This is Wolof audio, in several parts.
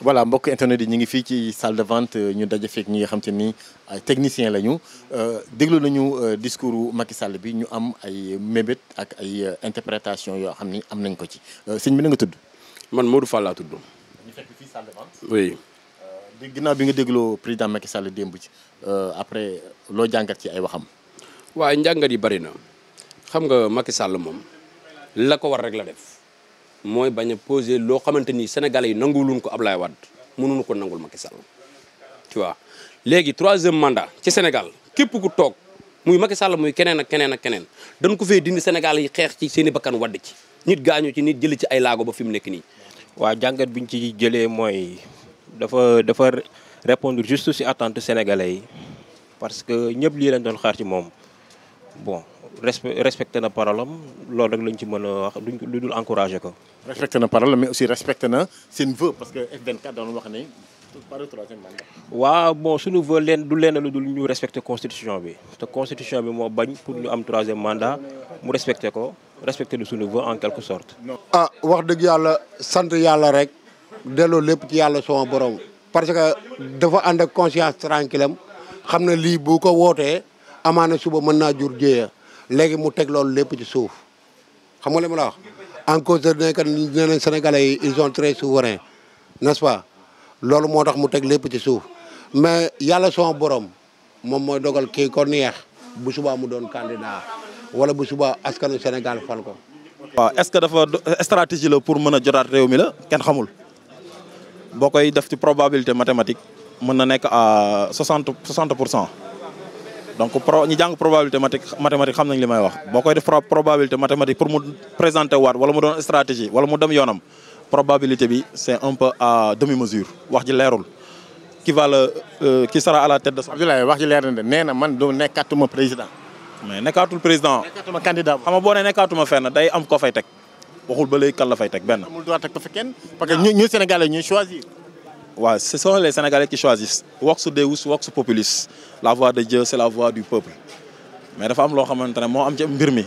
voilà mbokk internet yi ñu ngi fii ci salle de vente euh, ñu daja fekk ñi nga xam te ni ay technicien lañu euh, déglu nañu euh, discours Macky Sall bi ñu am ay mébét ak ay interprétation yoo xam ni am nañ ko ci sëñ bi na nga tudd. man Modou Fall laa tudd. ñu fekk bi nga dégloo président Macky Sall démb ci après loo jàngat ci ay waxam. waaye njàngat yi bari na xam nga Macky Sall moom la ko war rek la def. mooy bañ a posé loo xamante ni sénégalais yi nanguluñ ko ab lay Wade mënuñu ko nangul Macky Sall tu vois léegi troisième mandat ci Sénégal képp ku toog muy Macky Sall muy keneen ak keneen ak keneen dañ ko fee dindi Sénégal yi xeex ci seeni i bakkan wadd ci nit gaañu ci nit jëli ci ay laago ba fi mu nekk nii. waa jàngat bi ñu ci jëlee mooy dafa dafa répondre juste si attente sénégalais yi parce que ñëpp lii lañ doon xaar ci moom bon. respecté na parole loolu rek lañ ci mën wax duñ lu dul encouragé ko. respecté na parole mais aussi respecté na seen vœu parce que F24 doon wax ne par suñu vœu leen du leen lu dul ñu respecté constitution bi te constitution bi moo bañ pour ñu am troisième mu respecté ko respecté na suñu vœu en quelque sorte. ah wax dëgg yàlla sant yàlla rek delloo lépp ci yàlla sama borom. parce que dafa ànd ak conscience tranquille am xam na lii bu ko wootee amaana suba mën naa jur jéeya. léegi mu teg loolu lépp ci suuf xam nga li la wax en cause de ne que nee nañ sénégalais yi ils sont pas loolu moo tax mu teg lépp ci suuf mais yàlla son borom moom mooy dogal kii ko neex bu subaa mu doon candidat wala bu subaa askanu Sénégal fal ko. waaw ce que dafa stratégie la pour mën a jotaat réew mi la kenn xamul boo koy def ci probabilité mathématique mën na nekk à soixante soixante pour cent. donc pro ñi jàng probabilité mathématique xam nañ li may wax boo koy def probabilité mathématique pour mu présenter waat wala mu doon stratégie wala mu dem yoonam probabilité bi c'est un peu à demi mesure wax ji leerul. qui va le euh, qui sera wax ji leer na de nee man doo nekkatuma président. mais nekkaatul président nekkatuma candidat xam nga boo nee nekkaatuma day am ko fay teg waxul ba léegi kan la fay teg benn. amul droit teg ñu choisir. Ouais, ce sont les Sénégalais qui choisissent. Vox Deus, Vox Populis. La voix de Dieu, c'est la voix du peuple. mais dafa am loo xamante ne moo am ci mbir mi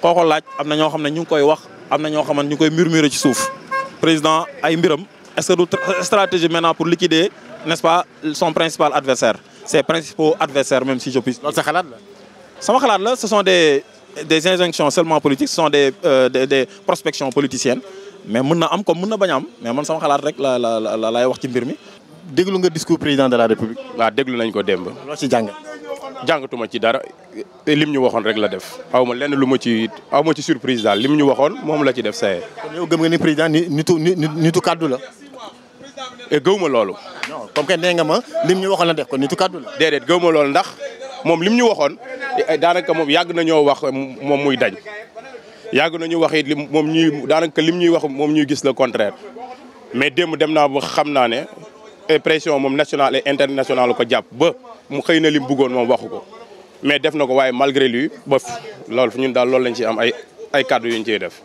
koo laaj am na ñoo xam ne ñu ngi koy wax am na ñoo xam ne ñu koy murmurer ci suuf président ay mbiram est-ce que du euh, stratégie maintenant pour liquider n'est-ce pas son principal adversaire ses principaux adversaires même si je puis. loolu xalaat la. sama xalaat la ce sont des des injonctions seulement politiques ce des euh, des des prospections politiciennes. mais mun na am comme mun na bañ am mais man sama xalaat rek la la la lay wax ci mbir mi. déglu nga discours président de la république. waaw déglu nañ ko demb loo ci jàng. jàngatuma ci dara eh, lim ñu waxoon rek la def. aw ma lenn lu ma ci aw ma ci surprise daal lim ñu waxoon moom la ci def saye. kon yow gëm nga ni président ni nitu nitu kaddu la. Eh, gëw ma loolu. non comme que nee nga ma lim ñu waxoon la def kon nitu kaddu la. déedéet ma loolu ndax moom lim ñu waxoon eh, daanaka moom yàgg nañoo wax moom muy dañ. yàgg nañu wax it li moom ñuy daanaka lim ñuy wax moom ñuy gis le contraire mais démb dem naa ba xam naa ne pression moom nationale et internationale ko jàpp ba mu xëy na lim bëggoon moom waxu ko mais def na ko waaye malgré lui ba loolu ñun daal loolu lañ ci am ay ay kàddu yu ñu ciy def.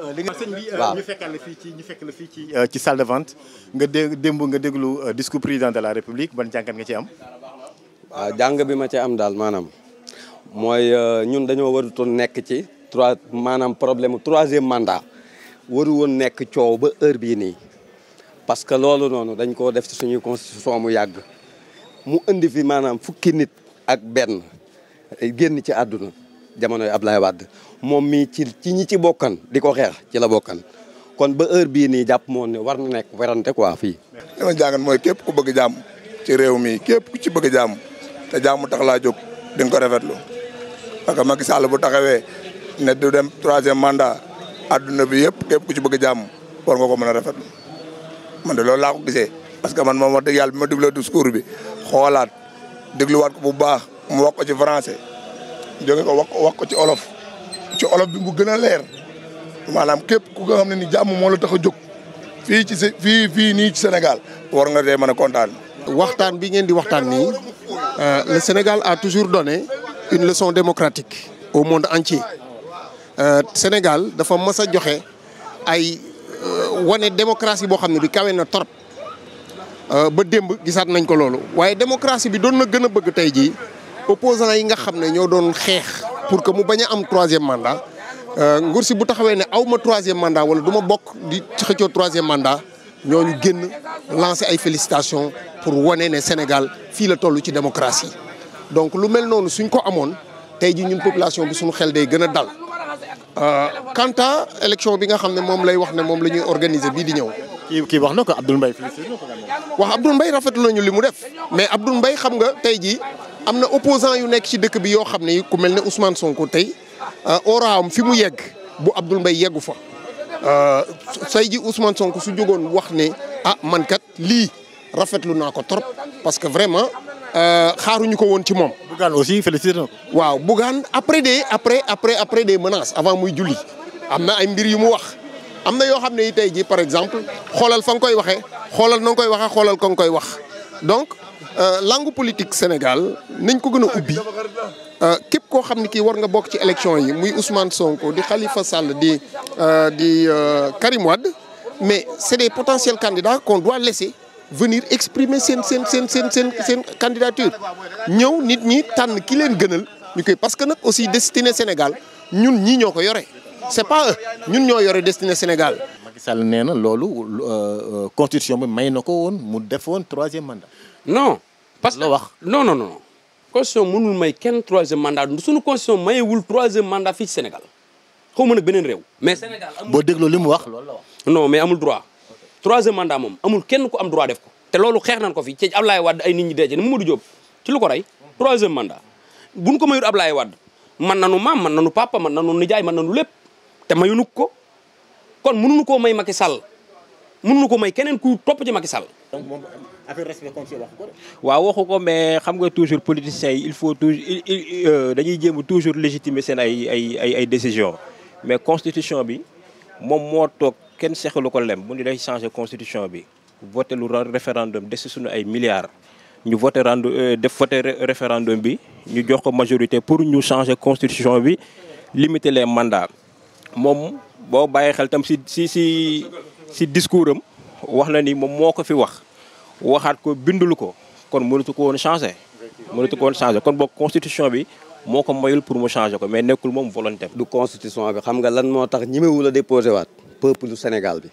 Euh, li nga sëñ bi euh, ñu fii ci ñu fekk la fii ci euh, ci salle de vente nga dé démb nga déglu discours président de la république ban jàngat nga ci am. waaw jàng bi ma ci am daal maanaam mooy ñun dañoo warutoon nekk ci. trois maanaam problème troisième mandat waru woon nekk coow ba heure bii nii parce que loolu noonu dañ koo def ci suñuy constitution mu yàgg mu indi fi maanaam fukki nit ak benn génn ci àdduna jamonoy Ablaye Wade moom mii ci ci ñi ci bokkan di ko xeex ci la bokkan kon ba heure bii nii jàpp moon ne war na nekk werante quoi fii li ma jàngat mooy képp ku bëgg jàmm ci réew mi képp ku ci bëgg jàmm te jàmm tax laa jóg di nga ko rafetlu parce que Macky bu taxawee ne du dem troisième manda adduna bi yëpp képp ku ci bëgg jàmm war nga ko mën a rafet man de loolu laa ko parce que man moom wax dëgg yàlla bi ma dégloo discours bi xoolaat dégluwaat ko bu baax mu wax ko ci français jóge ko wax wax ko ci olof ci olof bi mu gën a leer maanaam képp ku nga xam ne ni jàmm moo la tax a jóg fii ci fii fii nii ci Sénégal war nga dee mën a kontaan. waxtaan bi ngeen di waxtaan nii euh, le Sénégal a toujours donné une leçon démocratique au monde entier. Euh, Sénégal dafa mës a joxe ay euh, wane démocratie boo xam ne bi kawee na torop euh, ba démb gisaat nañ ko loolu waaye démocratie bi doon na gën a bëgg tey jii opposants yi nga xam ne ñoo doon xeex pour que mu bañ a am troisième mandat nguur si bu taxawee ne aw ma troisième mandat wala du ma bokk di xëccoo troisième mandat ñu génn lancé ay félicitations pour wane ne Sénégal fii la toll ci démocratie donc lu mel noonu suñ ko amoon tey ji ñun population bi suñu xel day gën a dal quant euh, à élection bi nga xam ne moom lay wax ne moom la ñuy organiser bii di ñëw. kii kii wax na ko Abdoul Mbaye wax Abdoul Mbaye rafetlu nañu li mu def mais Abdoul mbay xam nga tey jii am na opposant yu nekk ci dëkk bi yoo xam ne ku mel ne Ousmane Sonko tey oraam euh, fi mu yegg bu Abdoul mbay yeggu fa. say euh, ji Ousmane Sonko su jógoon wax ne ah man kat lii rafetlu naa ko trop parce que vraiment. Euh, xaaruñu ko woon ci moom. Bougane aussi félicité na ko. waaw Bougane après des après après après des menaces avant muy julli am na ay mbir yu mu wax am na yoo xam ne tey jii par exemple xoolal fa nga koy waxee xoolal na koy waxee xoolal ko nga koy wax donc euh, langue politique Sénégal nañ ko gën a ubbi euh, képp koo xam ne kii war nga bokk ci élection yi muy Ousmane Sonko di Khalifa Sall di di Karim Wade mais c'est des potentiels candidats qu'on doit laisser. venir exprimer seen seen seen seen seen seen candidature ñëw nit ñi tànn ki leen gënal ñu koy parce que nag aussi destiné Sénégal ñun ñii ñoo ko yore c'est pas ñun ñoo yore destiné Sénégal. Macky Sall nee na loolu euh, constitution bi may na ko woon mu defoon troisième mandat. non parce que la wax non non non constitution mënul may kenn troisième mandat suñu constitution mayewul troisième mandat fii Sénégal xaw ma nag beneen réew. mais Sénégal amul boo dégloo li mu wax loolu la wax. non mais amul droit. troisième manda moom amul kenn ku am droit def ko te loolu xeex nañ ko fi ci Ablaye Wade ay nit ñi dee ci ne Mamadou Diop ci lu ko rey troisième mandat buñ ko mayul Ablaye Wade man na nanu maam man nanu papa man nanu nijaay man nanu lépp te mayunu ko kon mënuñu koo may Macky Sall mënuñu ko may keneen ku topp ci Macky Sall. donc moom affaire wax ko waaw waxu ko mais xam nga toujours politiciens yi il faut toujours euh, dañuy jéem toujours légitimer seen ay ay ay ay décisions mais constitution bi moom moo toog. kenn sexalu ko lem mu ni day changer constitution bi voté lu référendum des suñu ay milliards ñu voté rendu euh, def voté référendum bi ñu jox ko majorité pour ñu changer constitution bi limiter les mandats moom boo bàyyi xel tam si si si si discours am wax na ni moom moo ko fi wax waxaat ko bindul ko kon mënatu ko woon changer mënatu ko woon changer kon boog constitution bi moo ko mayul pour mu changer ko mais nekkul moom volonté du constitution bi xam nga lan moo tax ñimewu la déposé waat peuple Sénégal bi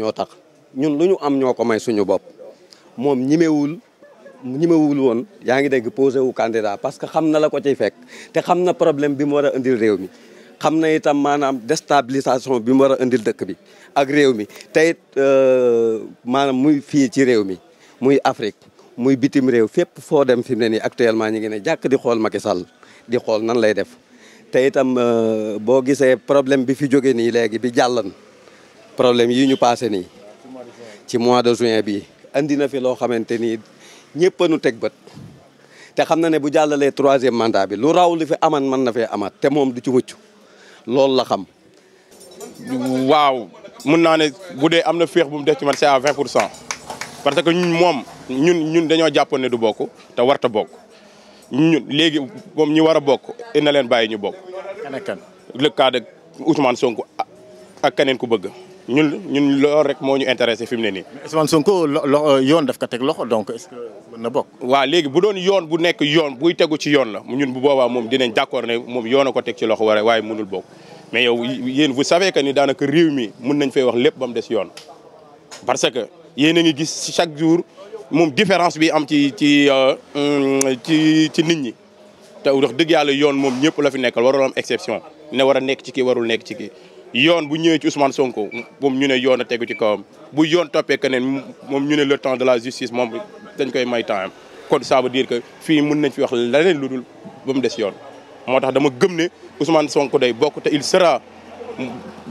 ñoo tax ñun lu ñu am ñoo ko may suñu bopp moom ñimewul ñimewul woon yaa ngi dégg posé wu candidat parce que xam na la ko ciy fekk te xam na problème bi mu war a indil réew mi xam na itam maanaam déstabilisation bi mu war a indil dëkk bi ak réew mi tey euh, maanaam muy fii ci réew mi muy Afrique muy bitim réew fépp foo dem fi mu ne nii actuellement ñu ngi ne jàkk di xool Macky Sall di xool nan lay def te itam euh, boo gisee problème bi fi jóge nii léegi problème yi ñu paase nii ci mois de juin bi andi na fi loo xamante ni ñëpp a nu teg bët te xam na ne bu jàllalee troisième mandat bi lu raw li fi aman mën na fee amaat te moom du ci wëccu loolu la xam. waaw mun naa ne bu dee am na féex bu mu def ci man c'est à 20 pour cent parce que ñun moom ñun ñun dañoo jàppoon ne du bokk te warta bokk ñu léegi moom ñi war a bokk na leen bàyyi ñu bokk. kan ak kan le cas de keneen ku bëgg. ñun ñun loolu rek moo ñu intéressé fi mu ne nii. mais Ousmane Sonko lo yoon daf ko teg loxo donc est-ce que mën na bokk. waa léegi bu doon yoon bu nekk yoon buy tegu ci yoon la ñun bu boobaa moom dinañ d'accord ne moom yoon ko teg ci loxo wala waaye munul bokk mais yow yéen vous savez que ni daanaka réew mi mun nañ fay wax lépp ba mu des yoon. parce que yéen a ngi gis chaque jour moom différence bi am ci ci euh, ci ci nit ñi te wax dëgg yàlla yoon moom ñëpp la fi nekkal warul am exception ne war a nekk ci kii warul nekk ci kii. yoon bu ñëwee ci Ousmane Sonko moom ñu ne yoon a tegu ci kawam bu yoon toppee keneen moom ñu ne le temps de la justice moom dañ koy may temps am kon ça veut dire que fii mën nañ fi wax leneen lu dul ba mu des yoon. moo tax dama gëm ne Ousmane Sonko day bokk te il sera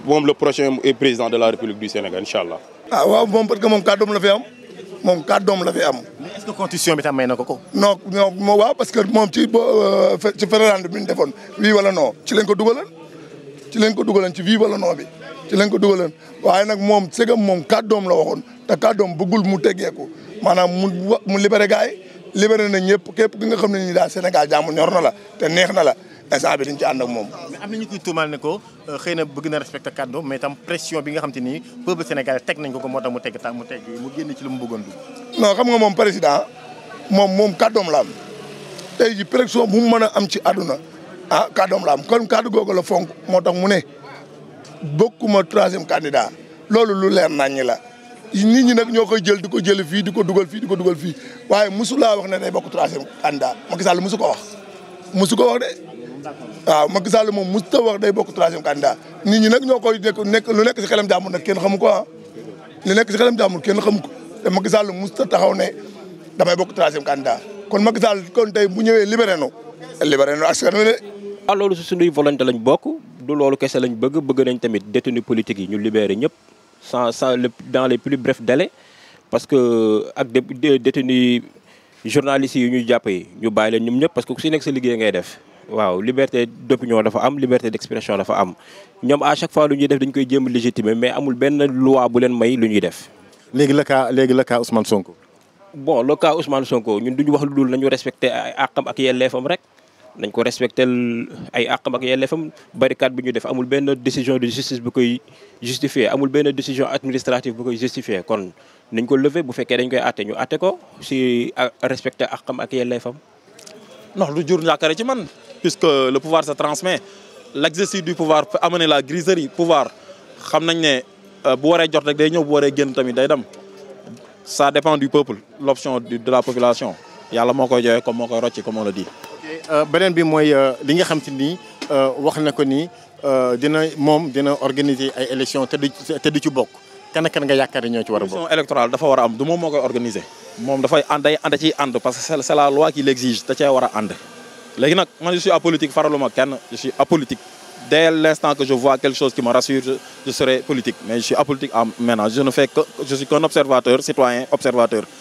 moom le prochain président de la République du Sénégal incha allah. ah waaw moom parce que moom kàddoom la fi am moom kàddoom la fi am. mais bi tam may na ko ko. non non waaw parce que moom ci euh, ci référendum bi ñu defoon oui wala non ci lañ ko dugalal. ci lañ ko dugaloon ci vive Lanoo bi ci lañ ko dugaloon waaye nag moom sëgam moom kàddoom la waxoon te kàddoom bëggul mu teggeeku maanaam mu mu libéré gars yi libéré na ñëpp képp ki nga xam ne nii daal Sénégal jàmm ñor na la te neex na la instant bi ci ànd moom. mais am na ne ko euh, xëy na bëgg na respecté kàddoom mais tam pression bi nga xam ni peuple teg nañ ko ko moo tax mu teg ta mu teg mu génn ci lu mu bëggoon dugg. non xam nga moom président moom moom kàddoom la am tey ji pression bu mu mën a am ci àdduna ah kàddoom la am kon kàddu googu la fonk moo tax mu ne bokkuma troisième candidat loolu lu leer naññi la nit ñi nag ñoo koy jël di ko jël fii di ko dugal fii di ko dugal fii waaye mosu laa wax ne day bokk troisième candidat Macky Sall mosu ko wax mosu ko wax de waaw Macky Sall moom mosu wax day bokk troisième candidat nit ñi nag ñoo koy nekk lu nekk si xelam jàmbur nag kenn xamu ko ah lu nekk si xelam jàmbur kenn xamu ko te Macky Sall taxaw ne damay bokk troisième candidat kon Macky Sall kon tey bu ñëwee libéré no libéré waaw ah, loolu su suñuy volonté lañ bokk du loolu kese lañ bëgg bëgg nañ tamit détenu politique yi ñu libéré ñëpp sans sans le dans les plus brefs délais parce que ak détenu journalistes yi ñuy jàpp yi ñu bàyyi leen ñoom ñëpp parce que ku si nekk sa liggéey ngay def waaw liberté d'opinion dafa am liberté d'expression dafa am ñoom à chaque fois lu ñuy def dañ koy jéem légitimer mais amul benn loi bu leen may lu ñuy def. léegi la cas léegi la cas Ousmane Sonko. bon le cas Ousmane Sonko ñun duñu wax lu dul nañu respecté ay àqam ak yelleefam rek. dañ ko respectel ay àqam ak yelleefam barricade bi ñu def amul benn décision de justice bu koy justifier amul benn décision administrative bu koy justifier kon nañ ko lever bu fekkee dañ koy àtte ñu àtte ko si respecter àqam ak yelleefam non lu jur njàkkare ci man puisque le pouvoir se transmet l'exercice du pouvoir peut amener la griserie pouvoir xam nañ ne euh, bu waree jot rek day ñëw bu waree génn tamit day dem ça dépend du peuple l'option de la population yàlla moo koy joxe comme moo koy rocci comme on le Euh, beneen bi mooy euh, li nga xam te ni euh, wax na ko ni dina moom dina organiser ay élections te du te ci bokk kan kan nga yaakaar ñoo ci war a bokk. élection électorale dafa war a am du moom moo koy organiser. moom dafay ànd day ànd ciy ànd parce que c'est la loi qui l'exige da cee war a ànd. nag man je suis apolitique faraluma kenn je suis apolitique dès l'instant que je vois quelque chose qui me rassure je, je politique mais je suis apolitique à maintenant je ne fais que je suis